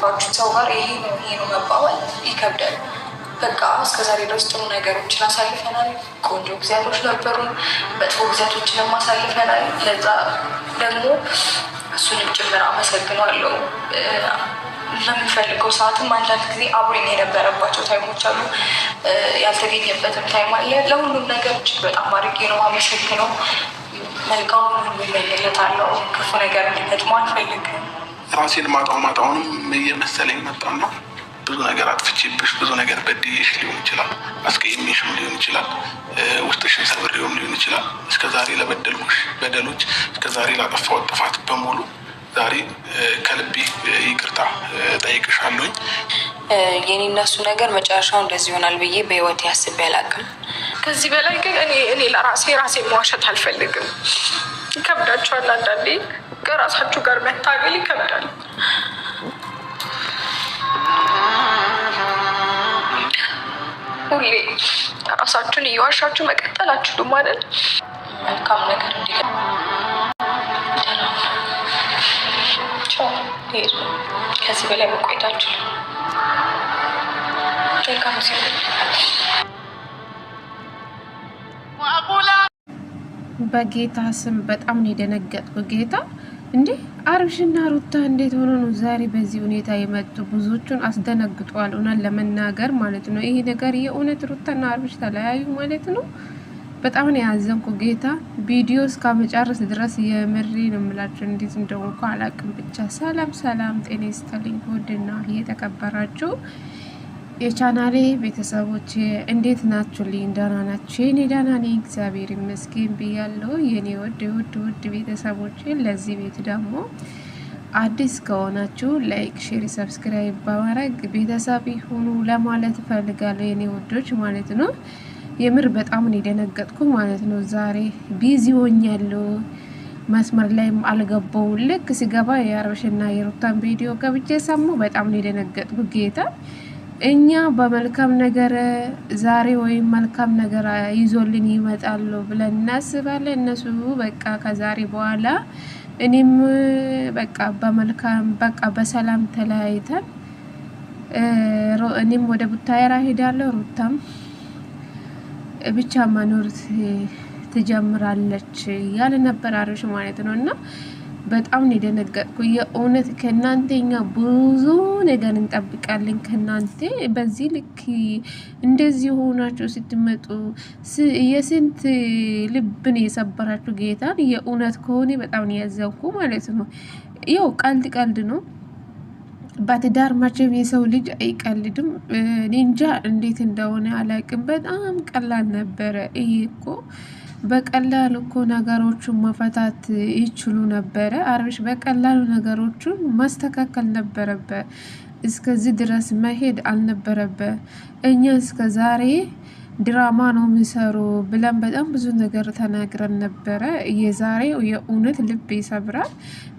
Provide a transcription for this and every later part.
ከመጣችሁት ሰው ጋር ይሄ ነው ይሄ ነው መባባል ይከብዳል። በቃ ዛሬ ድረስ ጥሩ ነገሮችን አሳልፈናል። ቆንጆ ጊዜያቶች ነበሩ፣ መጥፎ ጊዜያቶችን አሳልፈናል። ለዛ ደግሞ እሱንም ጭምር አመሰግናለሁ። በምፈልገው ሰዓትም አንዳንድ ጊዜ አብሮኝ የነበረባቸው ታይሞች አሉ፣ ያልተገኘበትም ታይም አለ። ለሁሉም ነገሮች በጣም አድርጌ ነው አመሰግነው። መልካም ሁሉ ይመኝለታለሁ። ክፉ ነገር እንዲገጥመው አልፈልግም። ራሴን ማጣው ማጣውንም እየመሰለኝ መጣና ብዙ ነገር አጥፍቼብሽ ብዙ ነገር በድዬሽ ሊሆን ይችላል፣ አስቀይሜሽም ሊሆን ይችላል፣ ውስጥሽን ሰብሬውም ሊሆን ይችላል። እስከ ዛሬ ለበደልኩሽ በደሎች፣ እስከ ዛሬ ላጠፋሁት ጥፋት በሙሉ ዛሬ ከልቤ ይቅርታ ጠይቅሻለሁኝ። የኔ እነሱ ነገር መጨረሻው እንደዚህ ይሆናል ብዬ በህይወት ያስቤ አላውቅም። ከዚህ በላይ ግን እኔ ለራሴ ራሴ መዋሸት አልፈልግም። ይከብዳቸዋል። አንዳንዴ ከራሳችሁ ጋር መታገል ይከብዳል። ሁሌ ራሳችሁን እየዋሻችሁ መቀጠል አትችሉም አይደል? መልካም ነገር ከዚህ በላይ መቆየት ሲሆን በጌታ ስም በጣም ነው የደነገጥኩ። ጌታ እንዴ አብርሽና ሩታ እንዴት ሆኖ ነው ዛሬ በዚህ ሁኔታ የመጡ? ብዙዎቹን አስደነግጧል። እውነት ለመናገር ማለት ነው ይሄ ነገር የእውነት ሩታና አብርሽ ተለያዩ ማለት ነው። በጣም ነው ያዘንኩ ጌታ። ቪዲዮ እስከ መጨረስ ድረስ የምሬ ነው የምላቸው። እንዴት እንደሆንኩ አላቅም። ብቻ ሰላም ሰላም፣ ጤና ይስጥልኝ ውድና የተከበራችሁ የቻናሌ ቤተሰቦች እንዴት ልኝ ደህና ናችሁ? የኔ ደህና ነኝ፣ እግዚአብሔር ይመስገን ብያለሁ። የኔ ውድ ውድ ውድ ቤተሰቦች ለዚህ ቤት ደግሞ አዲስ ከሆናችሁ ላይክ፣ ሼር፣ ሰብስክራይብ በማድረግ ቤተሰብ ሁኑ ለማለት እፈልጋለሁ። የኔ ውዶች ማለት ነው። የምር በጣም ነው የደነገጥኩ ማለት ነው። ዛሬ ቢዚ ሆኛለሁ መስመር ላይ አልገባው። ልክ ሲገባ የአብርሽና የሩታን ቪዲዮ ገብቼ ሰሙ። በጣም ነው የደነገጥኩ ጌታ እኛ በመልካም ነገር ዛሬ ወይም መልካም ነገር ይዞልን ይመጣሉ ብለን እናስባለን። እነሱ በቃ ከዛሬ በኋላ እኔም በቃ በመልካም በቃ በሰላም ተለያይተን እኔም ወደ ቡታየራ ሄዳለሁ፣ ሩታም ብቻ መኖር ትጀምራለች ያለ ነበር አብርሽ ማለት ነው እና በጣም ነው የደነገጥኩ። የእውነት እኛ ብዙ ነገር እንጠብቃለን ከእናንተ። በዚህ ልክ እንደዚህ ሆናችሁ ስትመጡ የስንት ልብን የሰበራችሁ ጌታን የእውነት ከሆነ በጣም ነው ያዘንኩ ማለት ነው። ያው ቀልድ ቀልድ ነው። በትዳር መቼም የሰው ልጅ አይቀልድም። እኔ እንጃ እንዴት እንደሆነ አላቅም። በጣም ቀላል ነበረ ይሄ እኮ በቀላሉ እኮ ነገሮቹን መፈታት ይችሉ ነበረ። አብርሽ በቀላሉ ነገሮቹን ማስተካከል ነበረበ እስከዚህ ድረስ መሄድ አልነበረበ እኛ እስከ ዛሬ ድራማ ነው የምሰሩ ብለን በጣም ብዙ ነገር ተናግረን ነበረ። የዛሬው የእውነት ልብ ይሰብራል።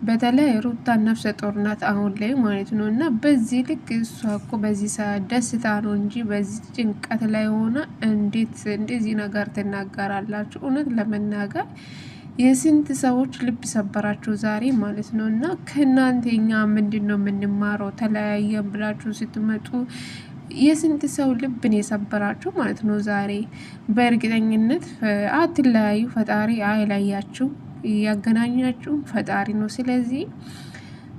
በተለይ ሩታ ነፍሰ ጦርናት አሁን ላይ ማለት ነው እና በዚህ ልክ እሷ እኮ በዚህ ሰዓት ደስታ ነው እንጂ በዚህ ጭንቀት ላይ ሆነ እንዴት እንደዚህ ነገር ትናገራላችሁ? እውነት ለመናገር የስንት ሰዎች ልብ ሰበራችሁ ዛሬ ማለት ነው እና ከእናንተኛ ምንድን ነው የምንማረው? ተለያየን ብላችሁ ስትመጡ የስንት ሰው ልብን የሰበራችሁ ማለት ነው ዛሬ። በእርግጠኝነት አትለያዩ፣ ፈጣሪ አይለያችሁ፣ እያገናኛችሁ ፈጣሪ ነው። ስለዚህ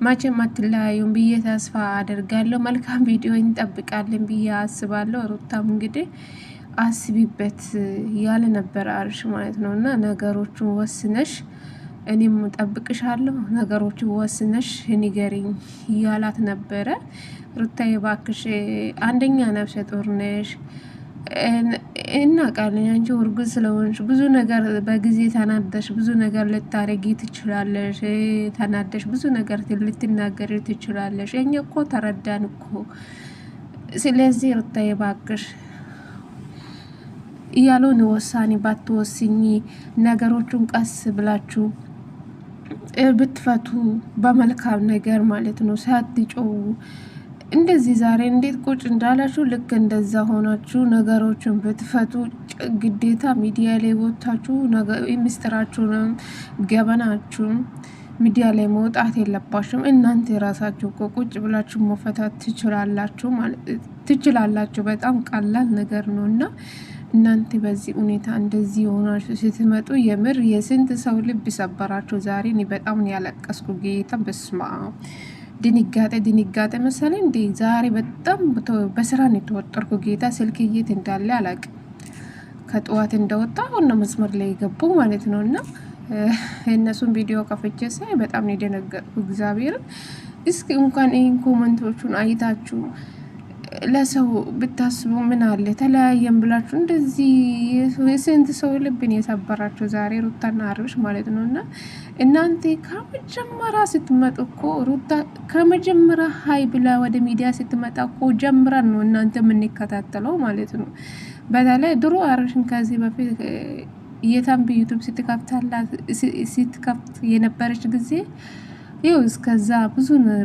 መቼም አትለያዩም ብዬ ተስፋ አደርጋለሁ። መልካም ቪዲዮ እንጠብቃለን ብዬ አስባለሁ። ሩታም እንግዲህ አስቢበት ያለ ነበር አርሽ ማለት ነው እና ነገሮቹን ወስነሽ እኔም ጠብቅሻለሁ ነገሮቹን ወስነሽ ንገሪኝ እያላት ነበረ። ሩታዬ ባክሽ አንደኛ ነፍሰ ጡር ነሽ እናውቃለን። አንቺ እርጉዝ ስለሆንሽ ብዙ ነገር በጊዜ ተናደሽ ብዙ ነገር ልታረጊ ትችላለሽ። ተናደሽ ብዙ ነገር ልትናገሪ ትችላለሽ። እኛ እኮ ተረዳን እኮ። ስለዚህ ሩታዬ ባክሽ ያልሆነ ውሳኔ ባትወስኚ፣ ነገሮቹን ቀስ ብላችሁ ብትፈቱ በመልካም ነገር ማለት ነው ሳትጮው እንደዚህ ዛሬ እንዴት ቁጭ እንዳላችሁ ልክ እንደዛ ሆናችሁ ነገሮችን ብትፈቱ ግዴታ ሚዲያ ላይ ወጥታችሁ ምስጢራችሁንም ገበናችሁም ሚዲያ ላይ መውጣት የለባችሁም። እናንተ የራሳችሁ እኮ ቁጭ ብላችሁ መፈታት ትችላላችሁ ትችላላችሁ። በጣም ቀላል ነገር ነው እና እናንተ በዚህ ሁኔታ እንደዚህ የሆናችሁ ስትመጡ የምር የስንት ሰው ልብ ሰበራችሁ። ዛሬ እኔ በጣም ያለቀስኩ ጌታ በስማ ድንጋጤ ድንጋጤ መሰለኝ እንዴ ዛሬ በጣም በስራ ነው የተወጠርኩ። ጌታ ስልክ የት እንዳለ አላቅ። ከጠዋት እንደወጣ ሆነ መስመር ላይ ገቡ ማለት ነው። እና የእነሱን ቪዲዮ ከፍቼ ሳይ በጣም ነው የደነገጥኩ። እግዚአብሔርን እስኪ እንኳን ይህን ኮመንቶቹን አይታችሁ ለሰው ብታስቡ ምን አለ ተለያየን ብላችሁ እንደዚህ የስንት ሰው ልብን የሰበራቸው ዛሬ ሩታና አብርሽ ማለት ነው። እና እናንተ ከመጀመሪያ ስትመጡ እኮ ሩታ ከመጀመሪያ ሀይ ብላ ወደ ሚዲያ ስትመጣ እኮ ጀምረን ነው እናንተ የምንከታተለው ማለት ነው። በተለይ ድሮ አብርሽን ከዚህ በፊት የታም በዩቱብ ስትከፍት የነበረች ጊዜ ይው እስከዛ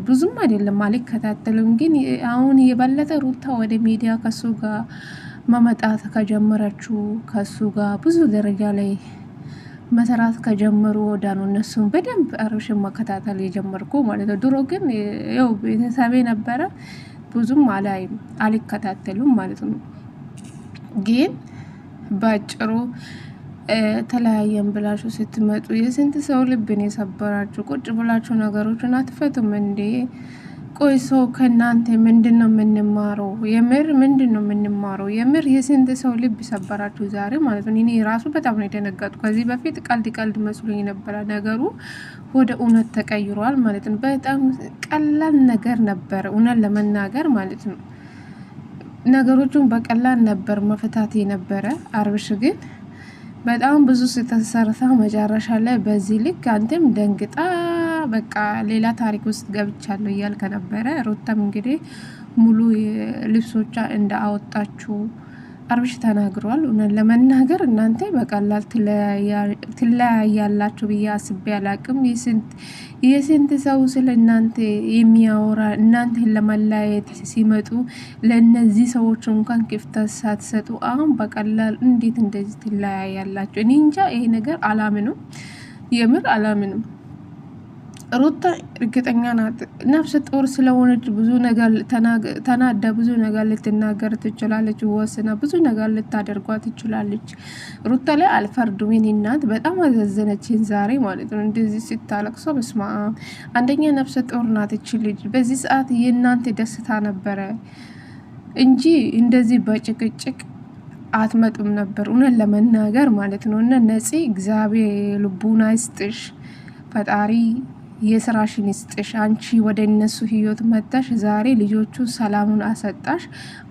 ብዙም አይደለም አልከታተልም፣ ግን አሁን የበለጠ ሩታ ወደ ሚዲያ ከሱ ጋር መመጣት ከጀመረችው ከሱ ጋር ብዙ ደረጃ ላይ መሰራት ከጀመሩ ነው እነሱም በደንብ አብርሽን መከታተል የጀመርኩ ማለት ነው። ድሮ ግን ያው ቤተሰቤ ነበረ ብዙም አላይ አልከታተሉም ማለት ነው። ግን በአጭሩ ተለያየን ብላችሁ ስትመጡ የስንት ሰው ልብን የሰበራችሁ ቁጭ ብላችሁ ነገሮችን አትፈቱም እንዴ? ቆይ ሰው ከእናንተ ምንድን ነው የምንማረው? የምር ምንድን ነው የምንማረው? የምር የስንት ሰው ልብ ሰበራችሁ ዛሬ ማለት ነው። እኔ ራሱ በጣም ነው የደነገጡ። ከዚህ በፊት ቀልድ ቀልድ መስሎኝ ነበረ፣ ነገሩ ወደ እውነት ተቀይሯል ማለት ነው። በጣም ቀላል ነገር ነበር እውነት ለመናገር ማለት ነው። ነገሮቹን በቀላል ነበር መፈታት የነበረ አብርሽ ግን በጣም ብዙ ስተሰርታ መጨረሻ ላይ በዚህ ልክ አንተም ደንግጣ በቃ ሌላ ታሪክ ውስጥ ገብቻለሁ እያልከ ነበረ። ሩታም እንግዲህ ሙሉ ልብሶቿ እንደ አወጣችሁ አብርሽ ተናግሯል። እውነት ለመናገር እናንተ በቀላል ትለያያላችሁ ብዬ አስቤ አላቅም። የስንት ሰው ስለ እናንተ የሚያወራ እናንተን ለመለያየት ሲመጡ ለእነዚህ ሰዎች እንኳን ክፍተት ሳትሰጡ አሁን በቀላል እንዴት እንደዚህ ትለያያላችሁ? እኔ እንጃ። ይሄ ነገር አላምንም፣ የምር አላምንም። ሩታ እርግጠኛ ናት ነፍሰ ጡር ስለሆነች ብዙ ነገር ተናዳ ብዙ ነገር ልትናገር ትችላለች። ወስና ብዙ ነገር ልታደርጓ ትችላለች። ሩታ ላይ አልፈርዱም። የኔ እናት በጣም አዘዘነችን ዛሬ ማለት ነው። እንደዚህ ስታለቅሶ በስማ አንደኛ ነፍሰ ጡር ናት እች ልጅ። በዚህ ሰዓት የእናንተ ደስታ ነበረ እንጂ እንደዚህ በጭቅጭቅ አትመጡም ነበር እውነት ለመናገር ማለት ነው። እና ነፂ እግዚአብሔር ልቡን አይስጥሽ ፈጣሪ የስራሽን ይስጥሽ። አንቺ ወደ እነሱ ህይወት መጥተሽ ዛሬ ልጆቹ ሰላሙን አሰጣሽ።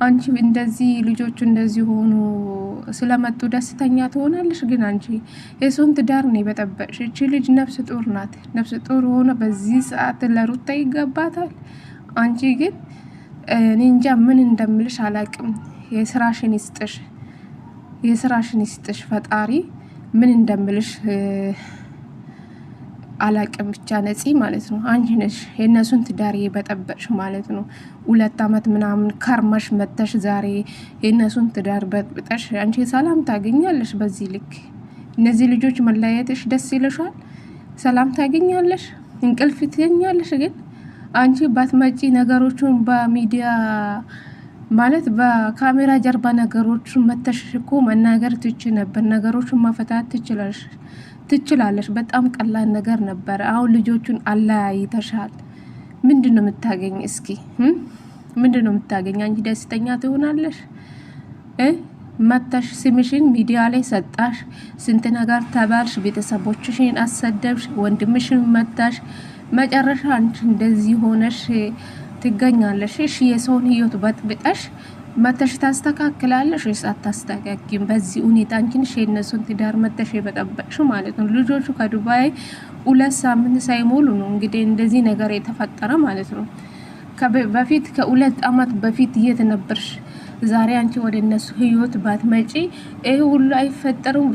አንቺ እንደዚህ ልጆቹ እንደዚህ ሆኑ ስለመጡ ደስተኛ ትሆናለሽ። ግን አንቺ የሰውን ትዳር ነው የበጠበጥሽ። እቺ ልጅ ነፍስ ጡር ናት። ነፍስ ጡር ሆነ በዚህ ሰዓት ለሩታ ይገባታል። አንቺ ግን እኔ እንጃ ምን እንደምልሽ አላቅም። የስራሽን ይስጥሽ፣ የስራሽን ይስጥሽ። ፈጣሪ ምን እንደምልሽ አላቅም ብቻ ነፂ ማለት ነው። አንቺ ነሽ የእነሱን ትዳር በጠበቅሽ ማለት ነው። ሁለት አመት ምናምን ከርመሽ መተሽ ዛሬ የእነሱን ትዳር በጥብጠሽ አንቺ ሰላም ታገኛለሽ። በዚህ ልክ እነዚህ ልጆች መለያየትሽ ደስ ይለሻል፣ ሰላም ታገኛለሽ፣ እንቅልፍ ትገኛለሽ? ግን አንቺ ባትመጪ ነገሮቹን በሚዲያ ማለት በካሜራ ጀርባ ነገሮቹን መተሽ እኮ መናገር ትች ነበር። ነገሮቹን መፈታት ትችላለሽ። ትችላለሽ። በጣም ቀላል ነገር ነበረ። አሁን ልጆቹን አለያይተሻል። ምንድን ነው የምታገኝ? እስኪ ምንድን ነው የምታገኝ? አንቺ ደስተኛ ትሆናለሽ? መታሽ ስምሽን ሚዲያ ላይ ሰጣሽ፣ ስንት ነገር ተባልሽ፣ ቤተሰቦችሽን አሰደብሽ፣ ወንድምሽን መታሽ፣ መጨረሻ አንቺ እንደዚህ ሆነሽ ትገኛለሽ። እሺ የሰውን ህይወት በጥብጠሽ መተሽ ታስተካክላለሽ ወይስ አታስተካክም? በዚህ ሁኔታ አንቺንሽ የእነሱን ትዳር መተሽ የበጠበቅሽ ማለት ነው። ልጆቹ ከዱባይ ሁለት ሳምንት ሳይሞሉ ነው እንግዲህ እንደዚህ ነገር የተፈጠረ ማለት ነው። በፊት ከሁለት አመት በፊት የት ነበርሽ? ዛሬ አንቺ ወደ እነሱ ህይወት ባትመጪ ይሄ ሁሉ አይፈጠሩም።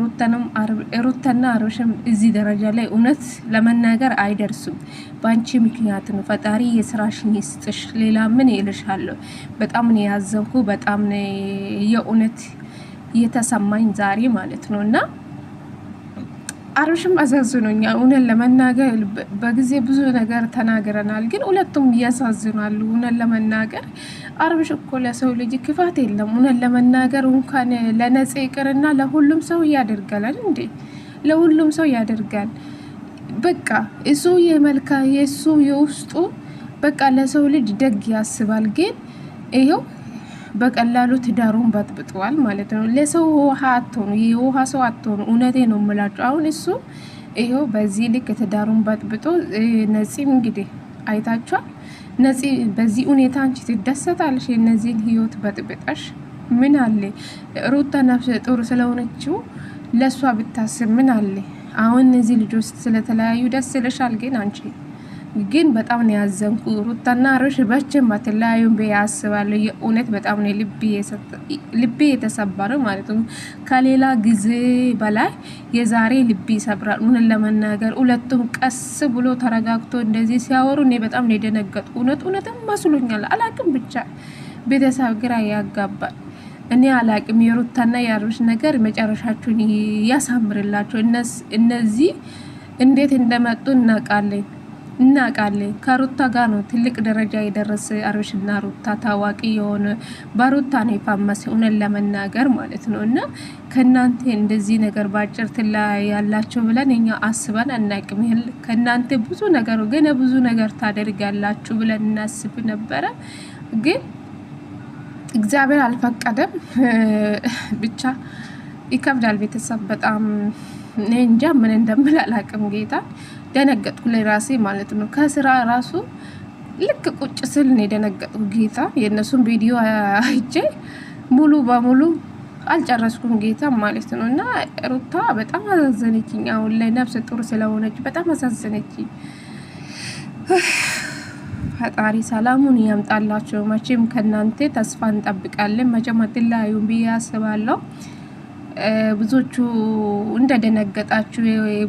ሩተና አብርሽም እዚህ ደረጃ ላይ እውነት ለመናገር አይደርሱም። በአንቺ ምክንያት ነው። ፈጣሪ የስራሽን ይስጥሽ። ሌላ ምን ይልሻለሁ? በጣም ነው ያዘንኩ። በጣም የእውነት የተሰማኝ ዛሬ ማለት ነው እና አብርሽም አሳዝኖኛል። እውነን ለመናገር በጊዜ ብዙ ነገር ተናግረናል፣ ግን ሁለቱም እያሳዝናሉ። እውነን ለመናገር አብርሽ እኮ ለሰው ልጅ ክፋት የለም። እውነን ለመናገር እንኳን ለነጽ ይቅርና ለሁሉም ሰው ያደርጋል እንዴ! ለሁሉም ሰው ያደርጋል። በቃ እሱ የመልካ የእሱ የውስጡ በቃ ለሰው ልጅ ደግ ያስባል። ግን ይኸው በቀላሉ ትዳሩን በጥብጠዋል ማለት ነው። ለሰው ውሃ አትሆኑ፣ የውሃ ሰው አትሆኑ። እውነቴ ነው የምላችሁ። አሁን እሱ ይኸው በዚህ ልክ ትዳሩን በጥብጦ ነፂም እንግዲህ አይታችኋል። ነፂ በዚህ ሁኔታ አንቺ ትደሰታለሽ? የነዚህን ህይወት በጥብጠሽ ምን አለ? ሩታ ነፍሰ ጡር ስለሆነችው ለእሷ ብታስብ ምን አለ? አሁን እነዚህ ልጆች ስለተለያዩ ደስ ይልሻል፣ ግን አንቺ ግን በጣም ነው ያዘንኩ። ሩታና ሮሽ በችም አትለያዩም ብዬ አስባለሁ። የእውነት በጣም ነው ልቤ የተሰበረው ማለት ነው። ከሌላ ጊዜ በላይ የዛሬ ልቤ ይሰብራል። እውነት ለመናገር ሁለቱም ቀስ ብሎ ተረጋግቶ እንደዚህ ሲያወሩ እኔ በጣም ነው የደነገጡ። እውነት እውነትም መስሎኛል። አላቅም ብቻ ቤተሰብ ግራ ያጋባል። እኔ አላቅም። የሩታና የአብርሽ ነገር መጨረሻችሁን ያሳምርላቸው። እነዚህ እንዴት እንደመጡ እናውቃለን። እናውቃለን። ከሩታ ጋር ነው ትልቅ ደረጃ የደረሰ አብርሽና ሩታ ታዋቂ የሆነ በሩታ ነው የፋመሰ እውነት ለመናገር ማለት ነው። እና ከእናንተ እንደዚህ ነገር በአጭር ትላ ያላቸው ብለን እኛ አስበን አናቅም። ይህል ከእናንተ ብዙ ነገር ገና ብዙ ነገር ታደርጋላችሁ ብለን እናስብ ነበረ ግን እግዚአብሔር አልፈቀደም። ብቻ ይከብዳል። ቤተሰብ በጣም እኔ እንጃ ምን እንደምል አላቅም ጌታ ደነገጥኩ ለራሴ ማለት ነው። ከስራ ራሱ ልክ ቁጭ ስል ነው የደነገጥኩ። ጌታ የእነሱን ቪዲዮ አይቼ ሙሉ በሙሉ አልጨረስኩም ጌታ ማለት ነው። እና ሩታ በጣም አሳዘነችኝ። አሁን ላይ ነፍሰ ጡር ስለሆነች በጣም አሳዘነችኝ። ፈጣሪ ሰላሙን ያምጣላቸው። መቼም ከእናንተ ተስፋ እንጠብቃለን። መቼም አትለያዩም ብዬ አስባለሁ። ብዙዎቹ እንደደነገጣችሁ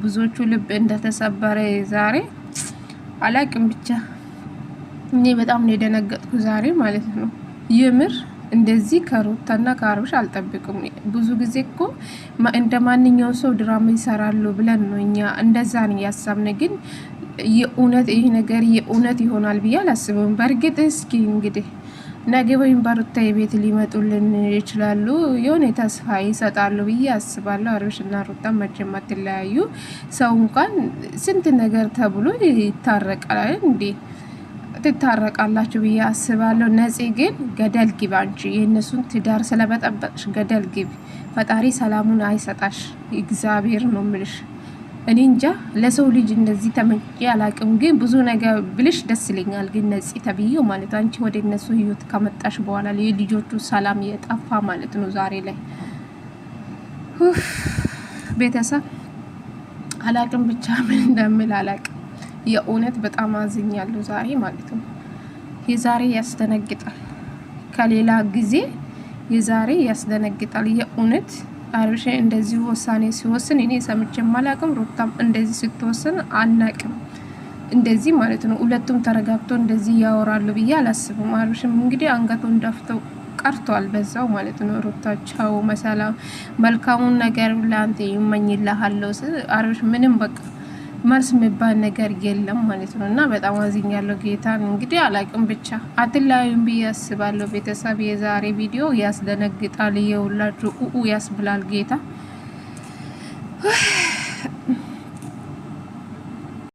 ብዙዎቹ ልብ እንደተሰበረ ዛሬ አላቅም ብቻ እኔ በጣም ነው የደነገጥኩ ዛሬ ማለት ነው። የምር እንደዚህ ከሩታና ከአብርሽ አልጠብቅም። ብዙ ጊዜ እኮ እንደ ማንኛውም ሰው ድራማ ይሰራሉ ብለን ነው እኛ እንደዛ ነው ያሳብነ። ግን የእውነት ይህ ነገር የእውነት ይሆናል ብዬ አላስብም። በእርግጥ እስኪ እንግዲህ ነገ ወይም በሩታ የቤት ሊመጡልን ይችላሉ። የሆነ ተስፋ ይሰጣሉ ብዬ አስባለሁ። አብርሽና ሩታ መቼም አትለያዩ። ሰው እንኳን ስንት ነገር ተብሎ ይታረቃል እንዴ ትታረቃላችሁ ብዬ አስባለሁ። ነፂ ግን ገደል ግቢ አንቺ የእነሱን ትዳር ስለበጠበጥሽ ገደል ግቢ። ፈጣሪ ሰላሙን አይሰጣሽ። እግዚአብሔር ነው ምልሽ። እኔ እንጃ ለሰው ልጅ እንደዚህ ተመጭ አላቅም፣ ግን ብዙ ነገር ብልሽ ደስ ይለኛል። ግን ነጽ ተብዬው ማለት አንቺ ወደ እነሱ ህይወት ከመጣሽ በኋላ የልጆቹ ሰላም የጠፋ ማለት ነው። ዛሬ ላይ ቤተሰብ አላቅም፣ ብቻ ምን እንደምል አላቅም። የእውነት በጣም አዝኛለሁ ዛሬ ማለት ነው። የዛሬ ያስደነግጣል፣ ከሌላ ጊዜ የዛሬ ያስደነግጣል የእውነት አብርሽ እንደዚህ ውሳኔ ሲወስን እኔ ሰምቼ አላቅም፣ ሩታም እንደዚህ ስትወስን አናቅም። እንደዚህ ማለት ነው ሁለቱም ተረጋግቶ እንደዚህ ያወራሉ ብዬ አላስብም። አብርሽም እንግዲህ አንገቱን ደፍቶ ቀርቷል። በዛው ማለት ነው ሩታቸው መሰላ መልካሙን ነገር ለአንተ ይመኝልሃለሁ። አብርሽ ምንም በቃ መልስ የሚባል ነገር የለም ማለት ነው። እና በጣም አዝኝ ያለው ጌታ ነው። እንግዲህ አላቅም ብቻ አትለያዩም ብዬ ያስባለሁ። ቤተሰብ የዛሬ ቪዲዮ ያስደነግጣል፣ የውላችሁ ኡኡ ያስብላል ጌታ